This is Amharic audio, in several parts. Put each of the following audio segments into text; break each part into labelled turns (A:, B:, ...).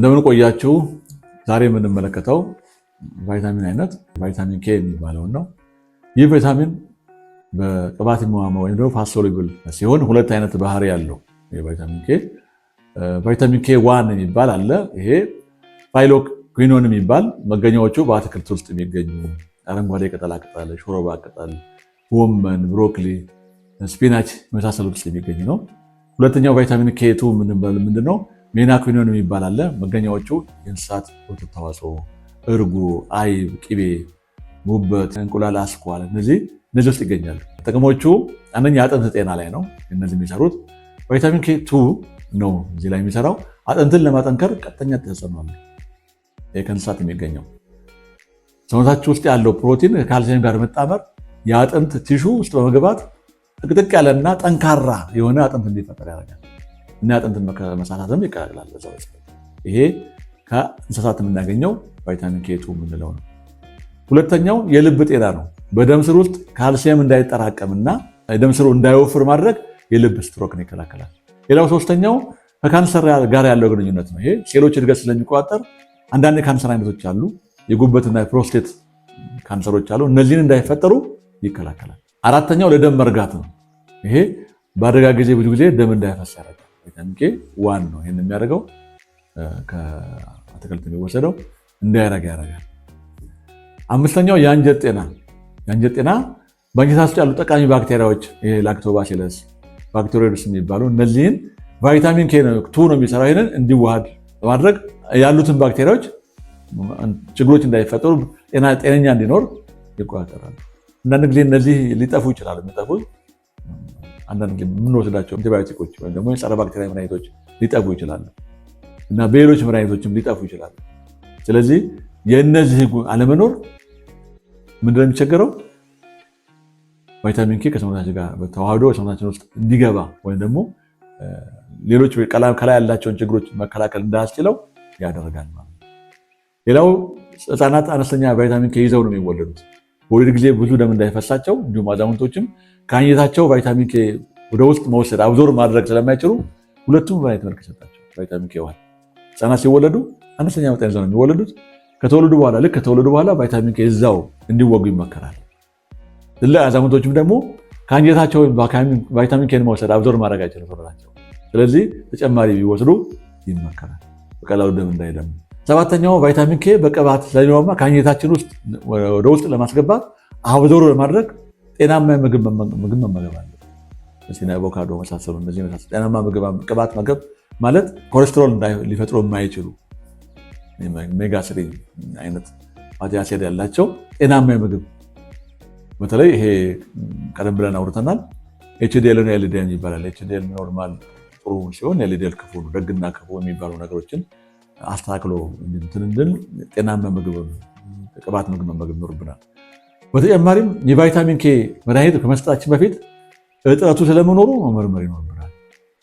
A: እንደምን ቆያችሁ። ዛሬ የምንመለከተው ቫይታሚን አይነት ቫይታሚን ኬ የሚባለውን ነው። ይህ ቫይታሚን በቅባት የሚዋመ ወይም ደግሞ ፋት ሲሆን ሁለት አይነት ባህሪ ያለው ቫይታሚን ኬ ቫይታሚን ኬ ዋን የሚባል አለ። ይሄ ፋይሎኩዊኖን የሚባል መገኛዎቹ በአትክልት ውስጥ የሚገኙ አረንጓዴ ቅጠላ ቅጠል፣ ሾሮባ ቅጠል፣ ጎመን፣ ብሮኮሊ፣ ስፒናች የመሳሰሉት ውስጥ የሚገኝ ነው። ሁለተኛው ቫይታሚን ኬ ቱ ምንድን ነው? ሜናኩኒዮን የሚባል አለ። መገኛዎቹ የእንስሳት ወተት ተዋጽኦ፣ እርጎ፣ አይብ፣ ቅቤ፣ ጉበት፣ እንቁላል፣ አስኳል እነዚህ እነዚህ ውስጥ ይገኛሉ። ጥቅሞቹ አንደኛ አጥንት ጤና ላይ ነው እነዚህ የሚሰሩት። ቫይታሚን ኬ ቱ ነው እዚህ ላይ የሚሰራው አጥንትን ለማጠንከር ቀጥተኛ ተጽዕኖ አለ። ከእንስሳት የሚገኘው ሰውነታችሁ ውስጥ ያለው ፕሮቲን ከካልሲየም ጋር መጣመር የአጥንት ቲሹ ውስጥ በመግባት ጥቅጥቅ ያለና ጠንካራ የሆነ አጥንት እንዲፈጠር ያደርጋል። እና አጥንትን መሳሳትም ይከላከላል። በዛው ይሄ ከእንስሳት የምናገኘው ቫይታሚን ኬቱ የምንለው ነው። ሁለተኛው የልብ ጤና ነው። በደም ስር ውስጥ ካልሲየም እንዳይጠራቀምና ደም ስሩ እንዳይወፍር ማድረግ የልብ ስትሮክን ይከላከላል። ሌላው ሶስተኛው ከካንሰር ጋር ያለው ግንኙነት ነው። ይሄ ሴሎች እድገት ስለሚቆጣጠር አንዳንድ የካንሰር አይነቶች አሉ። የጉበትና የፕሮስቴት ካንሰሮች አሉ። እነዚህን እንዳይፈጠሩ ይከላከላል። አራተኛው ለደም መርጋት ነው። ይሄ በአደጋ ጊዜ ብዙ ጊዜ ደም እንዳይፈስ ያደርጋል። ኬ ዋን ነው። ይህን የሚያደርገው ከአትክልት የሚወሰደው እንዳይረጋ ያደርጋል። አምስተኛው የአንጀት ጤና። የአንጀት ጤና በአንጀት ውስጥ ያሉ ጠቃሚ ባክቴሪያዎች ላክቶባሲለስ፣ ባክቴሪዮድስ የሚባሉ እነዚህን ቫይታሚን ኬ ቱ ነው የሚሰራው ይህንን እንዲዋሃድ ለማድረግ ያሉትን ባክቴሪያዎች ችግሮች እንዳይፈጠሩ ጤነኛ እንዲኖር ይቆጣጠራል። አንዳንድ ጊዜ እነዚህ ሊጠፉ ይችላሉ። የሚጠፉት አንዳንድ ጊዜ የምንወስዳቸው አንቲባዮቲኮች ወይም ደግሞ የጸረ ባክቴሪያ መድኃኒቶች ሊጠፉ ይችላሉ እና በሌሎች መድኃኒቶችም ሊጠፉ ይችላሉ። ስለዚህ የእነዚህ አለመኖር ምንድነው የሚቸገረው? ቫይታሚን ኬ ከሰውነታችን ጋር ተዋህዶ ሰውነታችን ውስጥ እንዲገባ ወይም ደግሞ ሌሎች ከላይ ያላቸውን ችግሮች መከላከል እንዳያስችለው ያደርጋል ማለት ነው። ሌላው ህፃናት አነስተኛ ቫይታሚን ኬ ይዘው ነው የሚወለዱት። በወሊድ ጊዜ ብዙ ደም እንዳይፈሳቸው እንዲሁም አዛውንቶችም ከአኝታቸው ቫይታሚን ኬ ወደ ውስጥ መውሰድ አብዞር ማድረግ ስለማይችሉ ሁለቱም ቫይት መልክ ሰጣቸው። ቫይታሚን ኬ ውል ህጻናት ሲወለዱ አነስተኛ መጠን ይዘው ነው የሚወለዱት። ከተወለዱ በኋላ ልክ ከተወለዱ በኋላ ቫይታሚን ኬ እዛው እንዲወጉ ይመከራል። ትልቅ አዛውንቶችም ደግሞ ከአንጀታቸው ቫይታሚን ኬን መውሰድ አብዞር ማድረግ አይችሉም ሰውነታቸው። ስለዚህ ተጨማሪ ቢወስዱ ይመከራል፣ በቀላሉ ደም እንዳይደም ሰባተኛው ቫይታሚን ኬ በቅባት ለሊሆማ ከአኝታችን ውስጥ ወደ ውስጥ ለማስገባት አብዞሮ ለማድረግ ጤናማ ምግብ መመገብ አለ። አቮካዶ መሳሰሉ እነዚህ ጤናማ ቅባት መገብ ማለት ኮሌስትሮል ሊፈጥሩ የማይችሉ ሜጋ ስሪ አይነት ፋቲ አሲድ ያላቸው ጤናማ ምግብ በተለይ ይሄ ቀደም ብለን አውርተናል። ኤችዲኤልን ኤልዲኤል ይባላል። ኤችዲኤል ኖርማል ጥሩ ሲሆን ኤልዲኤል ክፉ ደግና ክፉ የሚባሉ ነገሮችን አስተካክሎ እንትን እንድል ጤናማ ምግብ ቅባት ምግብ መመገብ ይኖርብናል። በተጨማሪም የቫይታሚን ኬ መድኃኒት ከመስጠታችን በፊት እጥረቱ ስለመኖሩ መመርመር ይኖርብናል።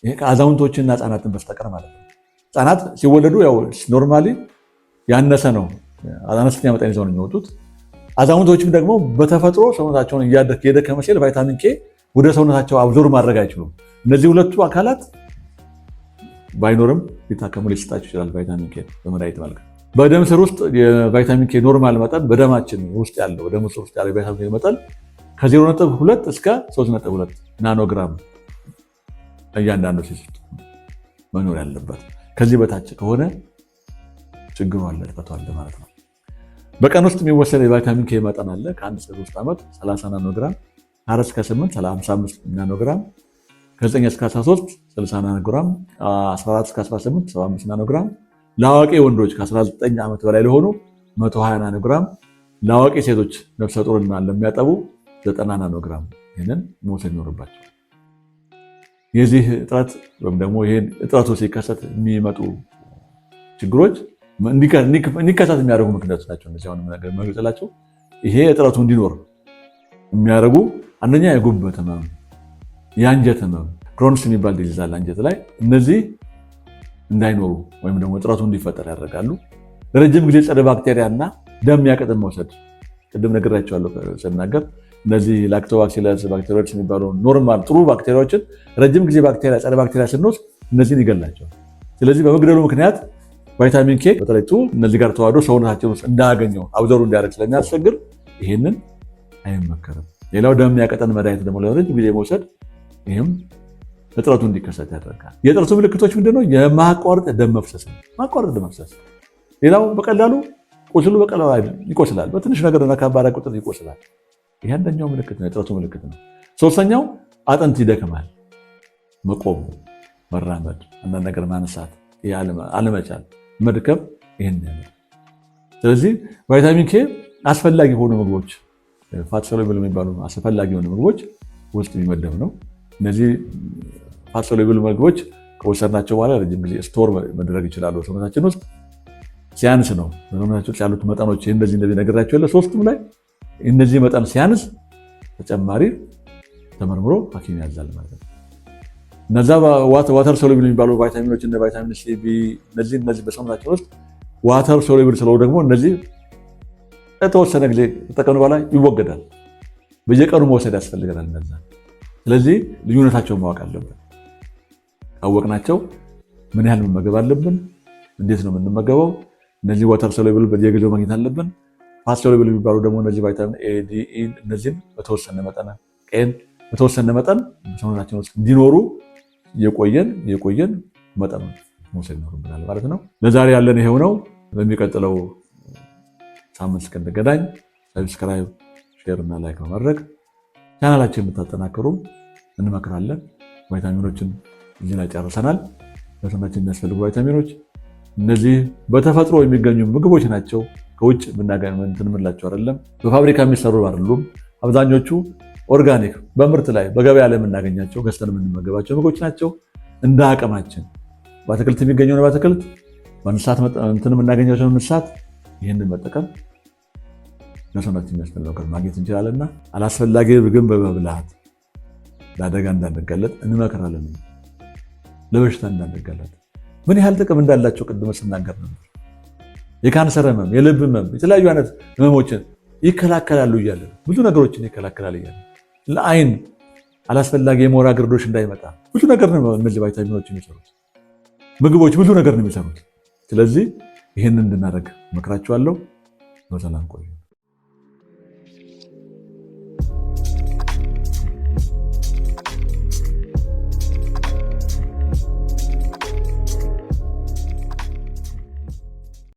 A: ይሄ ከአዛውንቶችና ህጻናትን በስተቀር ማለት ነው። ህጻናት ሲወለዱ ያው ኖርማሊ ያነሰ ነው፣ አነስተኛ መጠን ይዘው ነው የሚወጡት። አዛውንቶችም ደግሞ በተፈጥሮ ሰውነታቸውን እያደከመ ሲል ቫይታሚን ኬ ወደ ሰውነታቸው አብዞር ማድረግ አይችሉም። እነዚህ ሁለቱ አካላት ባይኖርም ሊታከሙ ሊሰጣቸው ይችላል። ቫይታሚን ኬ በመድኃኒት መልክ በደም ስር ውስጥ የቫይታሚን ኬ ኖርማል መጠን በደማችን ውስጥ ያለው ደም ስር ውስጥ ያለው የቫይታሚን ኬ መጠን ከ02 ሁለት እስከ 32 ሁለት ናኖግራም እያንዳንዱ ሴት መኖር ያለበት ከዚህ በታች ከሆነ ችግሩ አለ፣ እጥረቱ አለ ማለት ነው። በቀን ውስጥ የሚወሰድ የቫይታሚን ኬ መጠን አለ ከአንድ እስከ ሶስት ዓመት 30 ናኖግራም፣ አራት እስከ ስምንት 55 ናኖግራም ከ9 እስከ 13 60 ናኖግራም፣ 14 እስከ 18 75 ናኖግራም፣ ለአዋቂ ወንዶች ከ19 ዓመት በላይ ለሆኑ 120 ናኖግራም፣ ለአዋቂ ሴቶች ነፍሰ ጡርና ለሚያጠቡ 90 ናኖግራም ይህንን መውሰድ ይኖርባቸው። የዚህ እጥረት ወይም ደግሞ ይህን እጥረቱ ሲከሰት የሚመጡ ችግሮች እንዲከሰት የሚያደርጉ ምክንያቶች ናቸው። እነዚህ አሁን መግለጽላቸው ይሄ እጥረቱ እንዲኖር የሚያደርጉ አንደኛ የጉበት ህመም የአንጀት ህመም ክሮንስ የሚባል ዲዚዝ አለ አንጀት ላይ። እነዚህ እንዳይኖሩ ወይም ደግሞ እጥረቱ እንዲፈጠር ያደርጋሉ። ለረጅም ጊዜ ጸረ ባክቴሪያ እና ደም ያቅጥን መውሰድ ቅድም ነግራቸዋለሁ ስናገር እነዚህ ላክቶባክሲለስ ባክቴሪያዎች የሚባሉ ኖርማል ጥሩ ባክቴሪያዎችን ረጅም ጊዜ ባክቴሪያ ጸረ ባክቴሪያ ስንወስድ እነዚህን ይገላቸዋል። ስለዚህ በመግደሉ ምክንያት ቫይታሚን ኬ በተለይ እነዚህ ጋር ተዋህዶ ሰውነታችን ውስጥ እንዳያገኘው አብዘሩ እንዲያደርግ ስለሚያስቸግር ይህንን አይመከርም። ሌላው ደም ያቀጠን መድኃኒት ደግሞ ለረጅም ጊዜ መውሰድ ይህም እጥረቱ እንዲከሰት ያደርጋል። የጥረቱ ምልክቶች ምንድነው? የማቋረጥ ደም መፍሰስ ደመፍሰስ ማቋረጥ ደም መፍሰስ። ሌላው በቀላሉ ቁስሉ በቀላሉ ይቆስላል። በትንሽ ነገር ነካባራ ቁጥር ይቆስላል። ይህ አንደኛው ምልክት ነው፣ የጥረቱ ምልክት ነው። ሶስተኛው አጥንት ይደክማል። መቆም፣ መራመድ፣ አንዳንድ ነገር ማንሳት፣ አለመቻል፣ መድከም ይህን ስለዚህ ቫይታሚን ኬ አስፈላጊ የሆኑ ምግቦች ፋት የሚባሉ አስፈላጊ የሆኑ ምግቦች ውስጥ የሚመደብ ነው። እነዚህ ፋት ሶሉብል ምግቦች ከወሰድናቸው በኋላ ረጅም ጊዜ ስቶር መደረግ ይችላሉ። ሰውነታችን ውስጥ ሲያንስ ነው ሰውነታችን ውስጥ ያሉት መጠኖች እንደዚህ እንደዚህ ነገራቸው የለ ሶስቱም ላይ እነዚህ መጠን ሲያንስ ተጨማሪ ተመርምሮ ሐኪም ያዛል ማለት ነው። እነዛ ዋተር ሶሉብል የሚባሉ ቫይታሚኖች እንደ ቫይታሚን ሲ፣ ቢ እነዚህ እነዚህ በሰውነታችን ውስጥ ዋተር ሶሉብል ስለሆኑ ደግሞ እነዚህ የተወሰነ ጊዜ ተጠቀኑ በኋላ ይወገዳል። በየቀኑ መውሰድ ያስፈልገናል እነዛ ስለዚህ ልዩነታቸውን ማወቅ አለብን። ካወቅናቸው ምን ያህል መመገብ አለብን? እንዴት ነው የምንመገበው? እነዚህ ወተር ሰሉብል በየጊዜው ማግኘት አለብን። ፋት ሰሉብል የሚባሉ ደግሞ እነዚህ ቫይታሚን ኤ፣ ዲ፣ እነዚህን በተወሰነ መጠን ቀን በተወሰነ መጠን ሰውነታችን ውስጥ እንዲኖሩ የቆየን የቆየን መጠን መውሰድ ይኖርብናል ማለት ነው። ለዛሬ ያለን ይሄው ነው። በሚቀጥለው ሳምንት እስክንገናኝ ሰብስክራይብ፣ ሼር እና ላይክ በማድረግ ቻናላችን የምታጠናክሩ እንመክራለን። ቫይታሚኖችን እዚህ ላይ ጨርሰናል። ለሰውነታችን የሚያስፈልጉ ቫይታሚኖች እነዚህ በተፈጥሮ የሚገኙ ምግቦች ናቸው። ከውጭ ምናገንትን ምንላቸው አይደለም፣ በፋብሪካ የሚሰሩ አይደሉም። አብዛኞቹ ኦርጋኒክ በምርት ላይ በገበያ ላይ የምናገኛቸው ገዝተን የምንመገባቸው ምግቦች ናቸው። እንደ አቅማችን በአትክልት የሚገኘው በአትክልት በእንስሳት እንትን የምናገኛቸው እንስሳት ይህንን መጠቀም ለሰውነት የሚያስፈልገው እውቀት ማግኘት እንችላለን እና አላስፈላጊ ምግብ በመብላት ለአደጋ እንዳንጋለጥ እንመክራለን። ለበሽታ እንዳንጋለጥ ምን ያህል ጥቅም እንዳላቸው ቅድመ ስናገር ነበር። የካንሰር ህመም፣ የልብ ህመም፣ የተለያዩ አይነት ህመሞችን ይከላከላሉ እያለን ብዙ ነገሮችን ይከላከላል እያለን ለአይን አላስፈላጊ የሞራ ግርዶች እንዳይመጣ ብዙ ነገር ነው ቫይታሚኖች የሚሰሩት ምግቦች ብዙ ነገር ነው የሚሰሩት። ስለዚህ ይህንን እንድናደርግ መክራችኋለሁ። በሰላም ቆዩ።